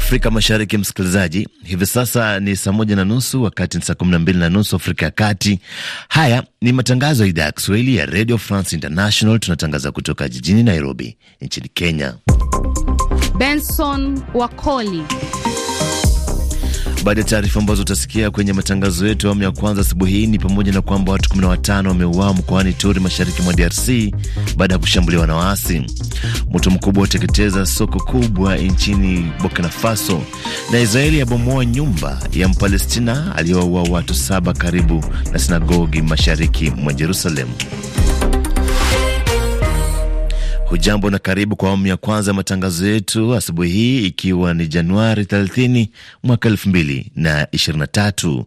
Afrika Mashariki, msikilizaji, hivi sasa ni saa moja na nusu wakati ni saa kumi na mbili na nusu Afrika ya Kati. Haya ni matangazo ya idhaa ya Kiswahili ya Radio France International. Tunatangaza kutoka jijini Nairobi nchini Kenya. Benson Wakoli baada ya taarifa ambazo utasikia kwenye matangazo yetu awamu ya kwanza asubuhi hii ni pamoja na kwamba watu 15 wameuawa mkoani Turi mashariki mwa DRC baada ya kushambuliwa na waasi. Moto mkubwa uteketeza soko kubwa nchini Burkina Faso, na Israeli yabomoa nyumba ya Mpalestina aliyowaua watu saba karibu na sinagogi mashariki mwa jerusalemu Hujambo na karibu kwa awamu ya kwanza ya matangazo yetu asubuhi hii, ikiwa ni Januari 30 mwaka 2023.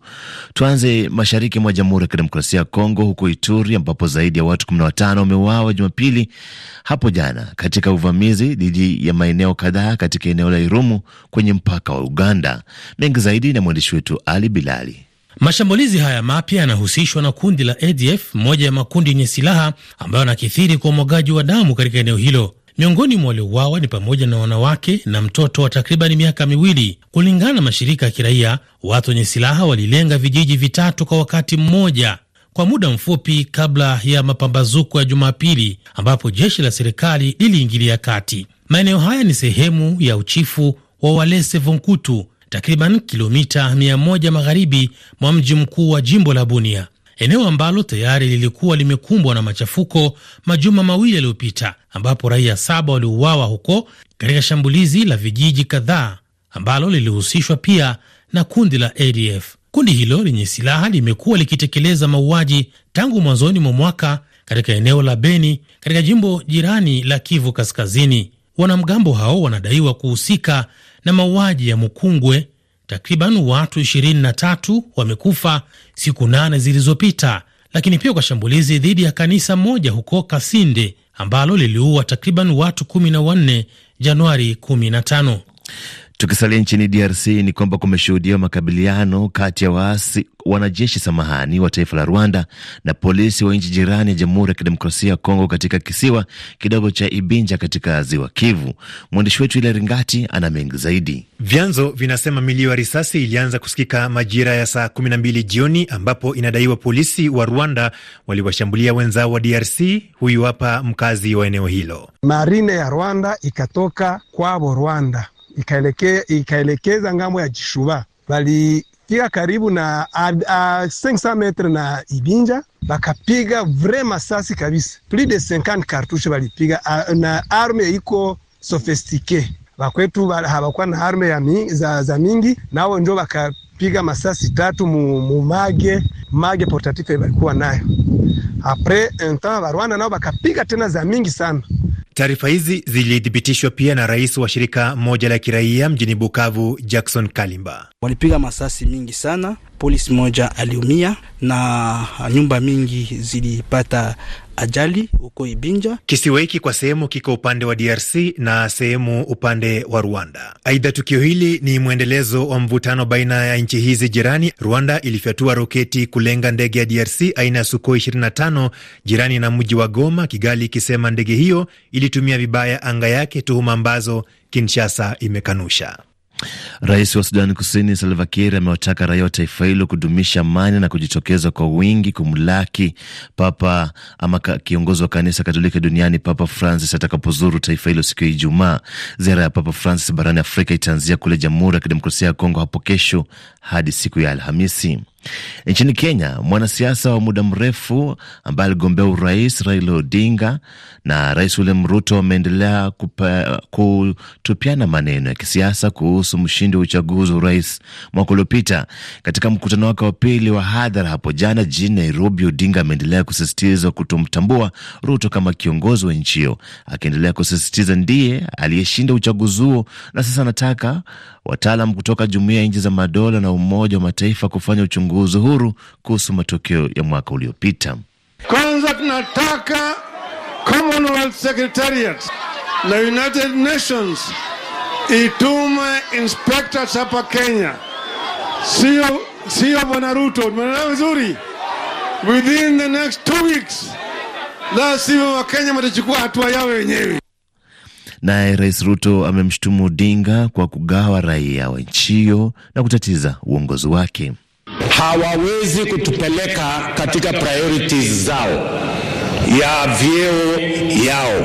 Tuanze mashariki mwa Jamhuri ya Kidemokrasia ya Kongo, huko Ituri ambapo zaidi ya watu 15 wameuawa Jumapili hapo jana katika uvamizi dhidi ya maeneo kadhaa katika eneo la Irumu kwenye mpaka wa Uganda. Mengi zaidi na mwandishi wetu Ali Bilali. Mashambulizi haya mapya yanahusishwa na kundi la ADF, moja ya makundi yenye silaha ambayo yanakithiri kwa umwagaji wa damu katika eneo hilo. Miongoni mwa waliouawa ni pamoja na wanawake na mtoto wa takribani miaka miwili. Kulingana na mashirika ya kiraia, watu wenye silaha walilenga vijiji vitatu kwa wakati mmoja kwa muda mfupi kabla ya mapambazuko ya Jumapili ambapo jeshi la serikali liliingilia kati. Maeneo haya ni sehemu ya uchifu wa Walese Vonkutu takriban kilomita 100 magharibi mwa mji mkuu wa jimbo la Bunia, eneo ambalo tayari lilikuwa limekumbwa na machafuko majuma mawili yaliyopita, ambapo raia saba waliuawa huko katika shambulizi la vijiji kadhaa ambalo lilihusishwa pia na kundi la ADF. Kundi hilo lenye silaha limekuwa likitekeleza mauaji tangu mwanzoni mwa mwaka katika eneo la Beni katika jimbo jirani la Kivu Kaskazini. Wanamgambo hao wanadaiwa kuhusika na mauaji ya Mukungwe, takriban watu 23 wamekufa siku nane zilizopita, lakini pia kwa shambulizi dhidi ya kanisa moja huko kasinde ambalo liliua takriban watu kumi na Januari 15. Tukisalia nchini DRC ni kwamba kumeshuhudiwa makabiliano kati ya waasi wanajeshi samahani wa taifa la Rwanda na polisi wa nchi jirani ya Jamhuri ya Kidemokrasia ya Kongo katika kisiwa kidogo cha Ibinja katika ziwa Kivu. Mwandishi wetu Ile Ringati ana mengi zaidi. Vyanzo vinasema milio ya risasi ilianza kusikika majira ya saa mbili jioni, ambapo inadaiwa polisi wa Rwanda waliwashambulia wenzao wa DRC. Huyu hapa mkazi wa eneo hilo. Marine ya Rwanda ikatoka kwavo Rwanda ikaelekea ikaelekeza ngambo ya Jishuba bali walifika karibu na 500 metre na Ibinja bakapiga vre masasi kabisa, plus de 50 kartushe balipiga na arme iko sofistike. Bakwetu habakuwa na arme ya mingi, za, za mingi nao njo bakapiga masasi tatu mu, mu mage mage portatif balikuwa nayo apres un temps Barwanda nao bakapiga tena za mingi sana Taarifa hizi zilithibitishwa pia na rais wa shirika moja la kiraia mjini Bukavu, Jackson Kalimba. Walipiga masasi mingi sana, polisi moja aliumia na nyumba mingi zilipata ajali huko Ibinja. Kisiwa hiki kwa sehemu kiko upande wa DRC na sehemu upande wa Rwanda. Aidha, tukio hili ni mwendelezo wa mvutano baina ya nchi hizi jirani. Rwanda ilifyatua roketi kulenga ndege ya DRC aina ya sukoi 25 jirani na mji wa Goma, Kigali ikisema ndege hiyo ilitumia vibaya anga yake, tuhuma ambazo Kinshasa imekanusha. Rais wa Sudani Kusini Salva Kiir amewataka raia wa taifa hilo kudumisha amani na kujitokeza kwa wingi kumlaki Papa ama kiongozi wa kanisa Katoliki duniani Papa Francis atakapozuru taifa hilo siku ya Ijumaa. Ziara ya Papa Francis barani Afrika itaanzia kule Jamhuri ya Kidemokrasia ya Kongo hapo kesho hadi siku ya Alhamisi. Nchini Kenya, mwanasiasa wa muda mrefu ambaye aligombea urais Raila Odinga na Rais William Ruto wameendelea kutupiana maneno ya kisiasa kuhusu mshindi wa uchaguzi wa urais mwaka uliopita. Katika mkutano wake wa pili wa hadhara hapo jana jijini Nairobi, Odinga ameendelea kusisitiza kutomtambua Ruto kama kiongozi wa nchi hiyo, akiendelea kusisitiza ndiye aliyeshinda uchaguzi huo na sasa anataka wataalam kutoka jumuiya ya nchi za madola na Umoja wa Mataifa kufanya uchunguzi huru kuhusu matokeo ya mwaka uliopita. Kwanza tunataka Commonwealth Secretariat na United Nations itume inspectors hapa Kenya, sio sio Bwana Ruto, umeelewa vizuri, within the next two weeks, la sivyo Wakenya watachukua hatua yao wenyewe. Naye Rais Ruto amemshutumu Odinga kwa kugawa raia wa nchi hiyo na kutatiza uongozi wake. Hawawezi kutupeleka katika priorities zao ya vyeo yao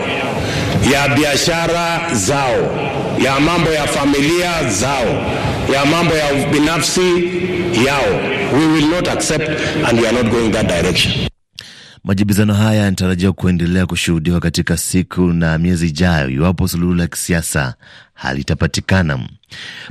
ya biashara zao ya mambo ya familia zao ya mambo ya binafsi yao. We will not accept and we are not going that direction. Majibizano haya yanatarajiwa kuendelea kushuhudiwa katika siku na miezi ijayo iwapo suluhu la kisiasa halitapatikana.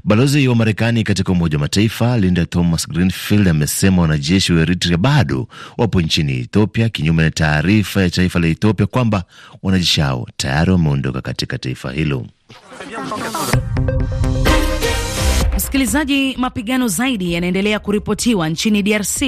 Balozi wa Marekani katika Umoja wa Mataifa Linda Thomas Greenfield amesema wanajeshi wa Eritrea bado wapo nchini Ethiopia, kinyume na taarifa ya taifa la Ethiopia kwamba wanajeshi hao tayari wameondoka katika taifa hilo. Msikilizaji, mapigano zaidi yanaendelea kuripotiwa nchini DRC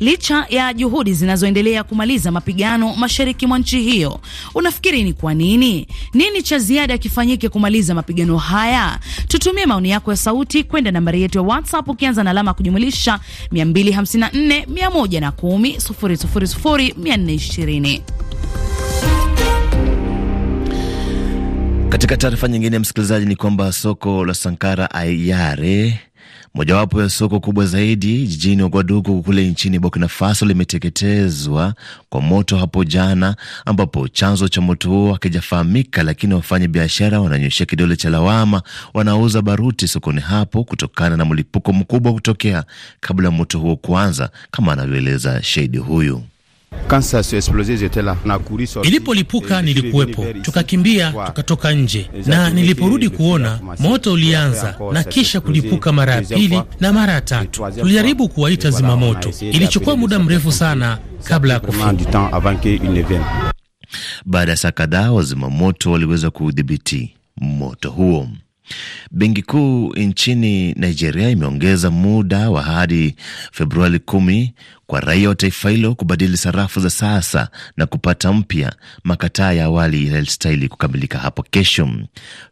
licha ya juhudi zinazoendelea kumaliza mapigano mashariki mwa nchi hiyo. Unafikiri ni kwa nini? Nini cha ziada kifanyike kumaliza mapigano haya? Tutumie maoni yako ya sauti kwenda nambari yetu ya WhatsApp ukianza na alama kujumulisha 254 110 000 420. Katika taarifa nyingine, msikilizaji, ni kwamba soko la Sankara Ayare, mojawapo ya soko kubwa zaidi jijini Ouagadougou kule nchini Burkina Faso, limeteketezwa kwa moto hapo jana, ambapo chanzo cha moto huo hakijafahamika, lakini wafanya biashara wananyoshia kidole cha lawama wanaouza baruti sokoni hapo kutokana na mlipuko mkubwa kutokea kabla ya moto huo kuanza, kama anavyoeleza shahidi huyu. Ilipolipuka nilikuwepo, tukakimbia tukatoka nje, na niliporudi kuona moto ulianza na kisha kulipuka mara ya pili na mara ya tatu. Tulijaribu kuwaita zimamoto, ilichukua muda mrefu sana kabla ya kufika. Baada ya saa kadhaa, wazimamoto waliweza kuudhibiti moto huo. Benki Kuu nchini Nigeria imeongeza muda wa hadi Februari kumi kwa raia wa taifa hilo kubadili sarafu za sasa na kupata mpya. Makataa ya awali yalistahili kukamilika hapo kesho.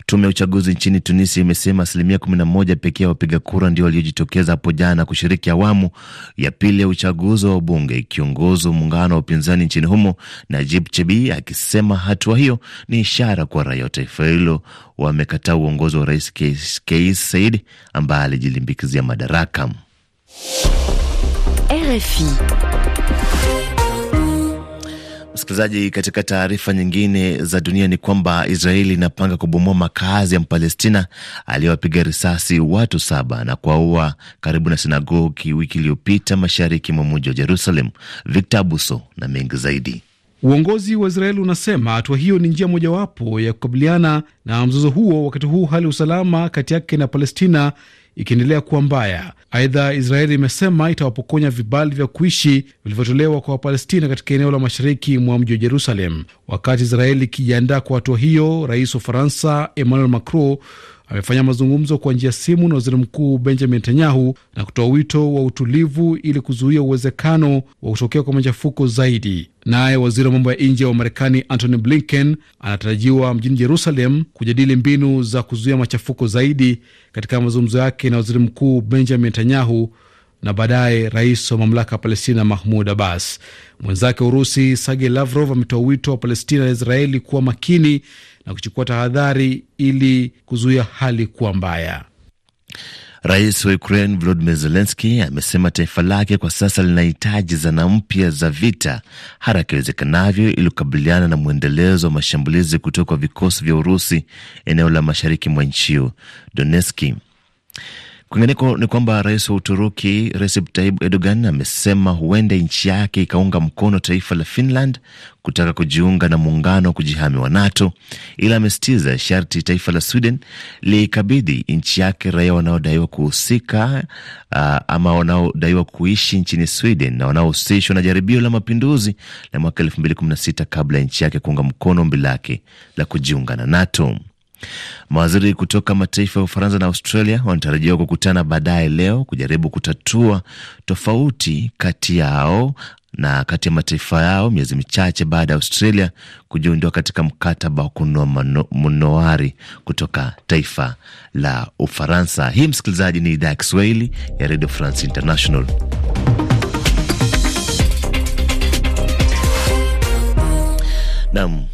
Tume ya uchaguzi nchini Tunisia imesema asilimia 11 pekee ya wapiga kura ndio waliojitokeza hapo jana kushiriki awamu ya pili ya uchaguzi wa bunge kiongozi muungano wa upinzani nchini humo Najib Chebi akisema hatua hiyo ni ishara kwa raia wa taifa hilo wamekataa uongozi wa rais Kais Saied ambaye alijilimbikizia madaraka. RFI. Msikilizaji, katika taarifa nyingine za dunia ni kwamba Israeli inapanga kubomoa makazi ya Mpalestina aliyewapiga risasi watu saba na kuwaua karibu na sinagogi wiki iliyopita mashariki mwa mji wa Jerusalem. Victor Abuso na mengi zaidi. Uongozi wa Israeli unasema hatua hiyo ni njia mojawapo ya kukabiliana na mzozo huo, wakati huu hali ya usalama kati yake na Palestina ikiendelea kuwa mbaya. Aidha, Israeli imesema itawapokonya vibali vya kuishi vilivyotolewa kwa Wapalestina katika eneo la mashariki mwa mji wa Jerusalem. Wakati Israeli ikijiandaa kwa hatua hiyo, rais wa Faransa Emmanuel Macron amefanya mazungumzo kwa njia ya simu na waziri mkuu Benjamin Netanyahu na kutoa wito wa utulivu ili kuzuia uwezekano wa kutokea kwa machafuko zaidi. Naye waziri wa mambo ya nje wa Marekani Antony Blinken anatarajiwa mjini Jerusalem kujadili mbinu za kuzuia machafuko zaidi katika mazungumzo yake na waziri mkuu Benjamin Netanyahu na baadaye rais wa mamlaka ya Palestina Mahmud Abbas. Mwenzake wa Urusi Sergei Lavrov ametoa wito wa Palestina na Israeli kuwa makini na kuchukua tahadhari ili kuzuia hali kuwa mbaya. Rais wa Ukraine Volodymyr Zelensky amesema taifa lake kwa sasa linahitaji zana mpya za vita haraka iwezekanavyo ili kukabiliana na mwendelezo wa mashambulizi kutoka kwa vikosi vya Urusi eneo la mashariki mwa nchi hiyo Donetsk. Kwingineko ni kwamba rais wa Uturuki Recep Tayyip Erdogan amesema huenda nchi yake ikaunga mkono taifa la Finland kutaka kujiunga na muungano wa kujihami wa NATO, ila amesitiza sharti taifa la Sweden likabidhi nchi yake raia wanaodaiwa kuhusika uh, ama wanaodaiwa kuishi nchini Sweden na wanaohusishwa na jaribio la mapinduzi la mwaka 216 kabla ya nchi yake kuunga mkono ombi lake la kujiunga na NATO. Mawaziri kutoka mataifa ya Ufaransa na Australia wanatarajiwa kukutana baadaye leo kujaribu kutatua tofauti kati yao na kati ya mataifa yao, miezi michache baada ya Australia kujiondoa katika mkataba wa kununua manowari kutoka taifa la Ufaransa. Hii msikilizaji, ni idhaa ya Kiswahili ya Radio France International. Naam.